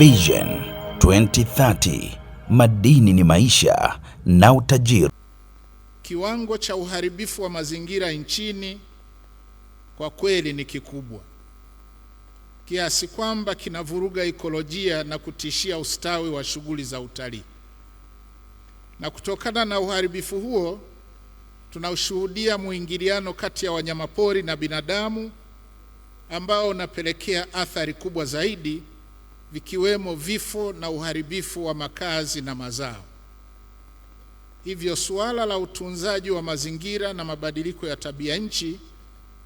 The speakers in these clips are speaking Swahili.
Vision 2030 madini ni maisha na utajiri. Kiwango cha uharibifu wa mazingira nchini kwa kweli ni kikubwa kiasi kwamba kinavuruga ekolojia na kutishia ustawi wa shughuli za utalii. Na kutokana na uharibifu huo, tunashuhudia mwingiliano kati ya wanyamapori na binadamu ambao unapelekea athari kubwa zaidi vikiwemo vifo na uharibifu wa makazi na mazao. Hivyo suala la utunzaji wa mazingira na mabadiliko ya tabia nchi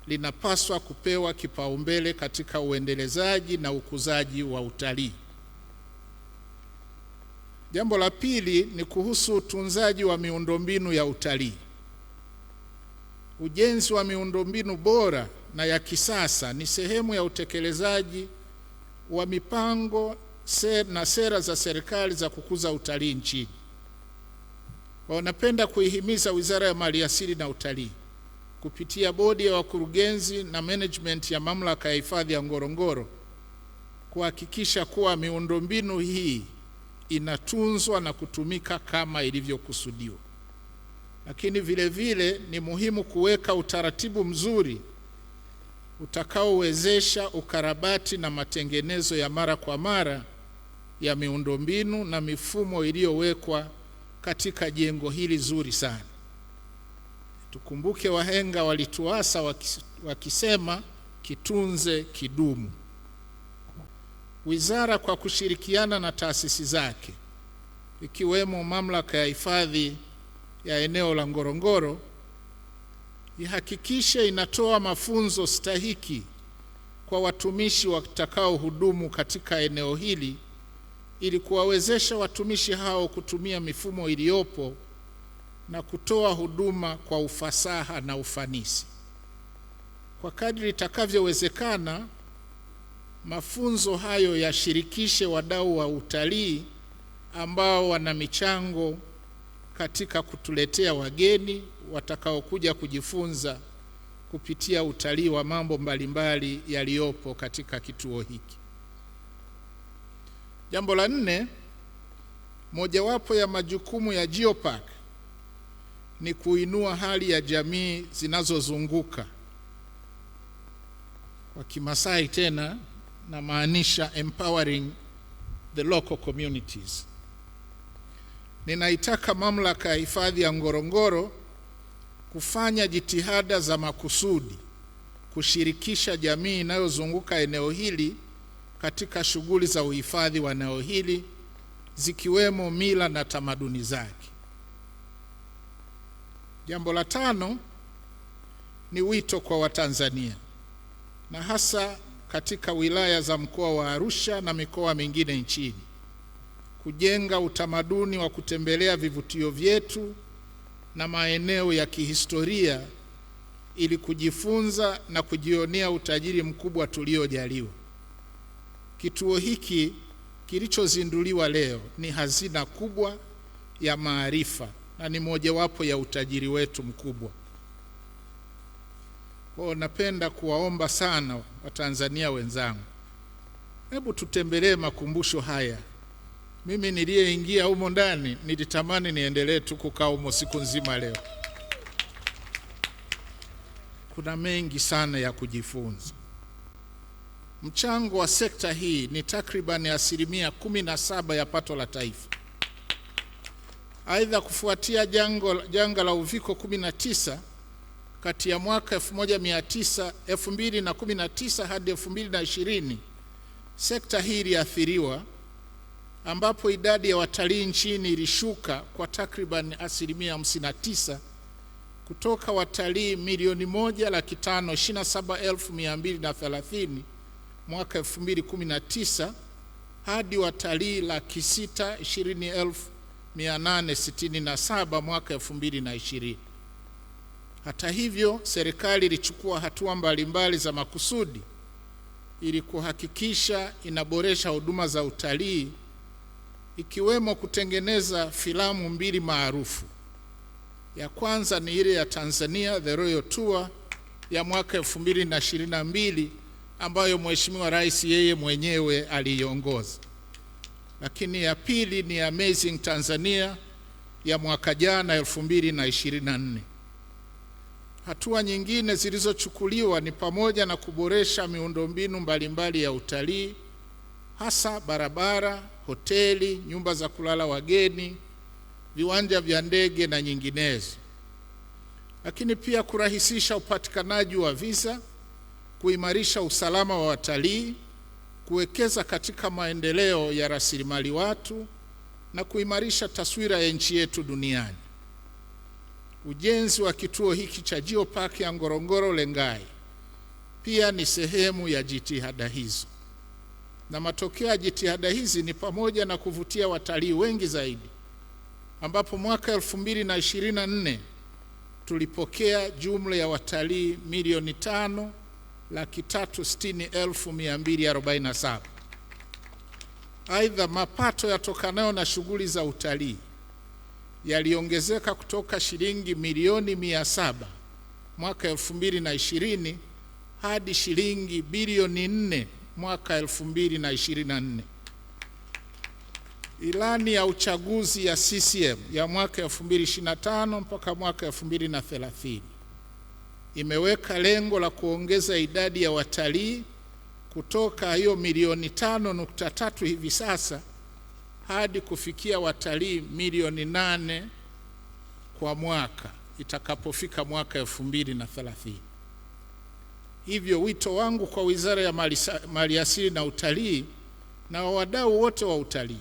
linapaswa kupewa kipaumbele katika uendelezaji na ukuzaji wa utalii. Jambo la pili ni kuhusu utunzaji wa miundombinu ya utalii. Ujenzi wa miundombinu bora na ya kisasa ni sehemu ya utekelezaji wa mipango ser, na sera za serikali za kukuza utalii nchini. Wanapenda kuihimiza Wizara ya Maliasili na Utalii kupitia bodi ya wakurugenzi na management ya mamlaka ya hifadhi ya Ngorongoro kuhakikisha kuwa miundombinu hii inatunzwa na kutumika kama ilivyokusudiwa. Lakini vile vile ni muhimu kuweka utaratibu mzuri utakaowezesha ukarabati na matengenezo ya mara kwa mara ya miundombinu na mifumo iliyowekwa katika jengo hili zuri sana. Tukumbuke wahenga walituasa wakisema, kitunze kidumu. Wizara kwa kushirikiana na taasisi zake ikiwemo mamlaka ya hifadhi ya eneo la Ngorongoro ihakikishe inatoa mafunzo stahiki kwa watumishi watakaohudumu katika eneo hili ili kuwawezesha watumishi hao kutumia mifumo iliyopo na kutoa huduma kwa ufasaha na ufanisi. Kwa kadri itakavyowezekana, mafunzo hayo yashirikishe wadau wa utalii ambao wana michango katika kutuletea wageni watakaokuja kujifunza kupitia utalii wa mambo mbalimbali yaliyopo katika kituo hiki. Jambo la nne, mojawapo ya majukumu ya Geopark ni kuinua hali ya jamii zinazozunguka. Kwa Kimasai tena namaanisha empowering the local communities ninaitaka mamlaka ya hifadhi ya Ngorongoro kufanya jitihada za makusudi kushirikisha jamii inayozunguka eneo hili katika shughuli za uhifadhi wa eneo hili zikiwemo mila na tamaduni zake. Jambo la tano ni wito kwa Watanzania na hasa katika wilaya za mkoa wa Arusha na mikoa mingine nchini kujenga utamaduni wa kutembelea vivutio vyetu na maeneo ya kihistoria ili kujifunza na kujionea utajiri mkubwa tuliojaliwa. Kituo hiki kilichozinduliwa leo ni hazina kubwa ya maarifa na ni mojawapo ya utajiri wetu mkubwa. Kwa napenda kuwaomba sana Watanzania wenzangu, hebu tutembelee makumbusho haya. Mimi niliyeingia humo ndani nilitamani niendelee tu kukaa humo siku nzima leo. Kuna mengi sana ya kujifunza. Mchango wa sekta hii ni takribani asilimia 17 ya pato la taifa. Aidha, kufuatia jango, janga la uviko 19 kati ya mwaka 19 2019 hadi 2020 sekta hii iliathiriwa ambapo idadi ya watalii nchini ilishuka kwa takriban asilimia 59 kutoka watalii milioni moja laki tano ishirini na saba elfu mia mbili na thelathini mwaka 2019 hadi watalii laki sita ishirini elfu mia nane sitini na saba mwaka 2020. Hata hivyo, serikali ilichukua hatua mbalimbali za makusudi ili kuhakikisha inaboresha huduma za utalii ikiwemo kutengeneza filamu mbili maarufu. Ya kwanza ni ile ya Tanzania The Royal Tour ya mwaka 2022 ambayo Mheshimiwa Rais yeye mwenyewe aliiongoza, lakini ya pili ni Amazing Tanzania ya mwaka jana 2024. Hatua nyingine zilizochukuliwa ni pamoja na kuboresha miundombinu mbalimbali ya utalii hasa barabara hoteli, nyumba za kulala wageni, viwanja vya ndege na nyinginezo, lakini pia kurahisisha upatikanaji wa visa, kuimarisha usalama wa watalii, kuwekeza katika maendeleo ya rasilimali watu na kuimarisha taswira ya nchi yetu duniani. Ujenzi wa kituo hiki cha Geopark ya Ngorongoro Lengai pia ni sehemu ya jitihada hizo na matokeo ya jitihada hizi ni pamoja na kuvutia watalii wengi zaidi, ambapo mwaka 2024 tulipokea jumla ya watalii milioni 5 laki 360,247. Aidha, mapato yatokanayo na shughuli za utalii yaliongezeka kutoka shilingi milioni 700 mwaka 2020 hadi shilingi bilioni 4 mwaka 2024. Ilani ya uchaguzi ya CCM ya mwaka 2025 mpaka mwaka 2030 imeweka lengo la kuongeza idadi ya watalii kutoka hiyo milioni 5.3 hivi sasa hadi kufikia watalii milioni 8 kwa mwaka itakapofika mwaka thelathini. Hivyo wito wangu kwa Wizara ya Maliasili na Utalii na wadau wote wa utalii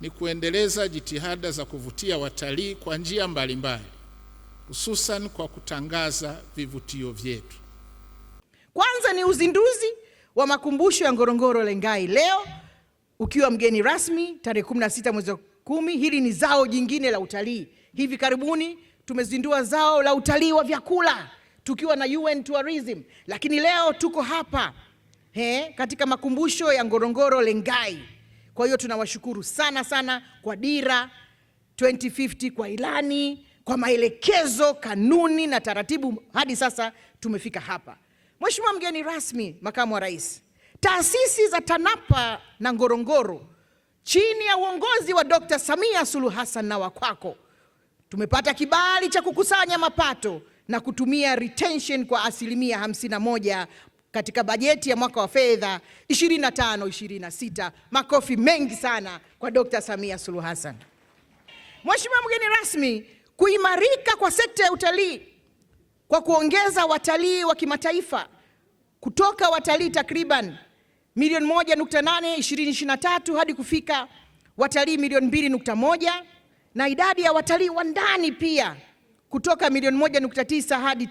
ni kuendeleza jitihada za kuvutia watalii kwa njia mbalimbali, hususan kwa kutangaza vivutio vyetu. Kwanza ni uzinduzi wa makumbusho ya Ngorongoro Lengai leo ukiwa mgeni rasmi tarehe 16 mwezi wa kumi. Hili ni zao jingine la utalii. Hivi karibuni tumezindua zao la utalii wa vyakula tukiwa na UN Tourism, lakini leo tuko hapa he, katika makumbusho ya Ngorongoro Lengai. Kwa hiyo tunawashukuru sana sana kwa dira 2050 kwa ilani, kwa maelekezo, kanuni na taratibu, hadi sasa tumefika hapa. Mheshimiwa mgeni rasmi, makamu wa rais, taasisi za TANAPA na Ngorongoro chini ya uongozi wa Dr. Samia Suluhu Hassan na wakwako tumepata kibali cha kukusanya mapato na kutumia retention kwa asilimia 51 katika bajeti ya mwaka wa fedha 25 26. Makofi mengi sana kwa Dkt. Samia Suluhu Hassan. Mheshimiwa mgeni rasmi, kuimarika kwa sekta ya utalii kwa kuongeza watalii wa kimataifa kutoka watalii takriban milioni 1.8 2023 hadi kufika watalii milioni 2.1 na idadi ya watalii wa ndani pia kutoka milioni tisa hadi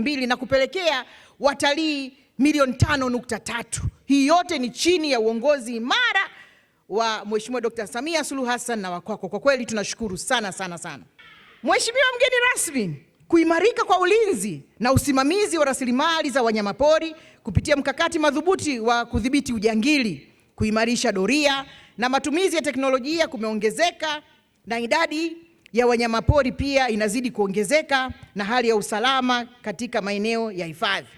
mbili na kupelekea watalii milioni 5.3. Hii yote ni chini ya uongozi imara wa Mheshimiwa Dr. Samia Suluhu Hassan na wakwako. Kwa kweli tunashukuru sana sana sana. Mheshimiwa mgeni rasmi, kuimarika kwa ulinzi na usimamizi wa rasilimali za wanyamapori kupitia mkakati madhubuti wa kudhibiti ujangili, kuimarisha doria na matumizi ya teknolojia kumeongezeka na idadi ya wanyamapori pia inazidi kuongezeka na hali ya usalama katika maeneo ya hifadhi.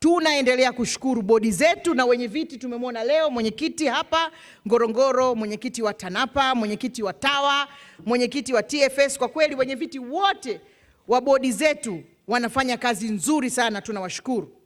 Tunaendelea kushukuru bodi zetu na wenye viti. Tumemwona leo mwenyekiti hapa Ngorongoro, mwenyekiti wa TANAPA, mwenyekiti wa TAWA, mwenyekiti wa TFS. Kwa kweli wenye viti wote wa bodi zetu wanafanya kazi nzuri sana, tunawashukuru.